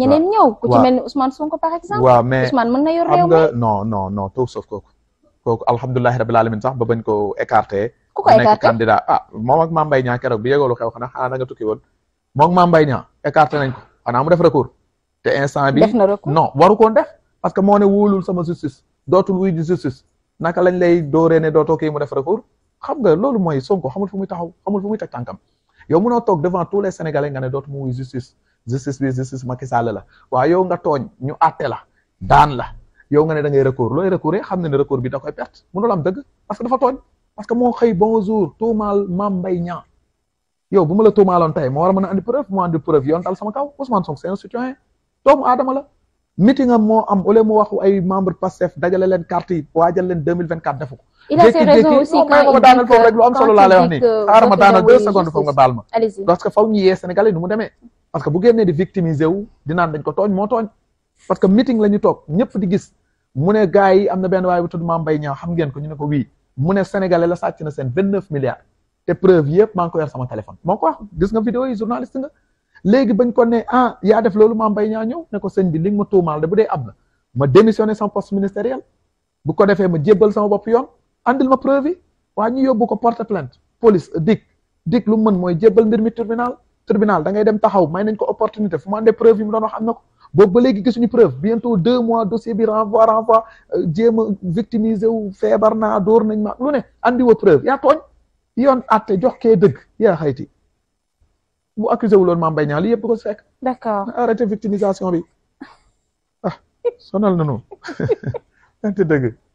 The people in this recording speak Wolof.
ñeneen ñëw ku ci mel ni Ousmane Sonko par exemple. waaw mais Ousmane mën na yor réew mi non non non tout sauf kooku. kooku alhamdulilahi rabil alamin sax ba bañ ko écarté. ku ko écarté nekk candidat ah moom bi yeggoolu xew xanaa xanaa da nga tukki woon. moom ak Mame Mbaye Niang écarté nañ ko xanaa mu def recours. te instant bi def na recours non waru koon def. parce que moo ne wóolul sama justice dootul wuy di justice naka lañ lay dooree ne dootoo kii mu def recours xam nga loolu mooy Sonko xamul fu muy taxaw xamul fu muy teg tànkam yow mënoo toog devant tous les sénégalais nga ne dootu mu wuy justice justice bi justice Macky la waaw yow nga tooñ ñu àtte la daan la yow nga ne da ngay recours looy xam ne ne recours bi da perte mënul am dëgg parce que dafa tooñ parce que moo xëy bonjour tuumaal Mame Mbaye Niang yow bu ma la tuumaaloon tey ma war a mën andi preuve mu andi preuve yoon tal sama kaw Ousmane Sonko c'est un citoyen doomu aadama la meeting am moo am au lieu mu wax ay membre Pastef dajale leen carte waajal leen defu ko. il a ses parce que bu génnee di victimiser wu di naan ko tooñ moo tooñ parce que meeting la ñu toog ñëpp di gis mu ne gars am na benn waaye bu tudd Mame Mbaye Niang xam ngeen ko ñu ne ko wii mu sénégale sénégalais la sàcc na seen vingt neuf milliards te preuve yëpp maa ngi ko yor sama téléphone moo ko wax gis nga vidéo yi journaliste nga léegi bañ ko ne ah yaa def loolu Mame Mbaye Niang ñëw ne ko sëñ bi li nga ma tuumaal de bu dee am na ma démissionné sama poste ministériel bu ko defee ma jébbal sama bopp yoon andil ma preuve yi waa ñu yóbbu ko porte plainte police dik dik lu mën mooy jébbal mbir mi tribunal tribunal da ngay dem taxaw may nañ ko opportunité fu mu àndee preuve yi doon wax am na ko boobu ba léegi gisuñu preuve bientôt deux mois dossier bi renvoi renvoi euh, jéem a victimiser wu feebar naa dóor nañ ma lu ne andi preuve yaa tooñ yoon àtte jox kee dëgg yaa xayti bu accusé wuloon loon Mame Mbaye Niang yëpp ko fekk. d'accord arrêté victimisation bi ah sonal nañu. dëgg.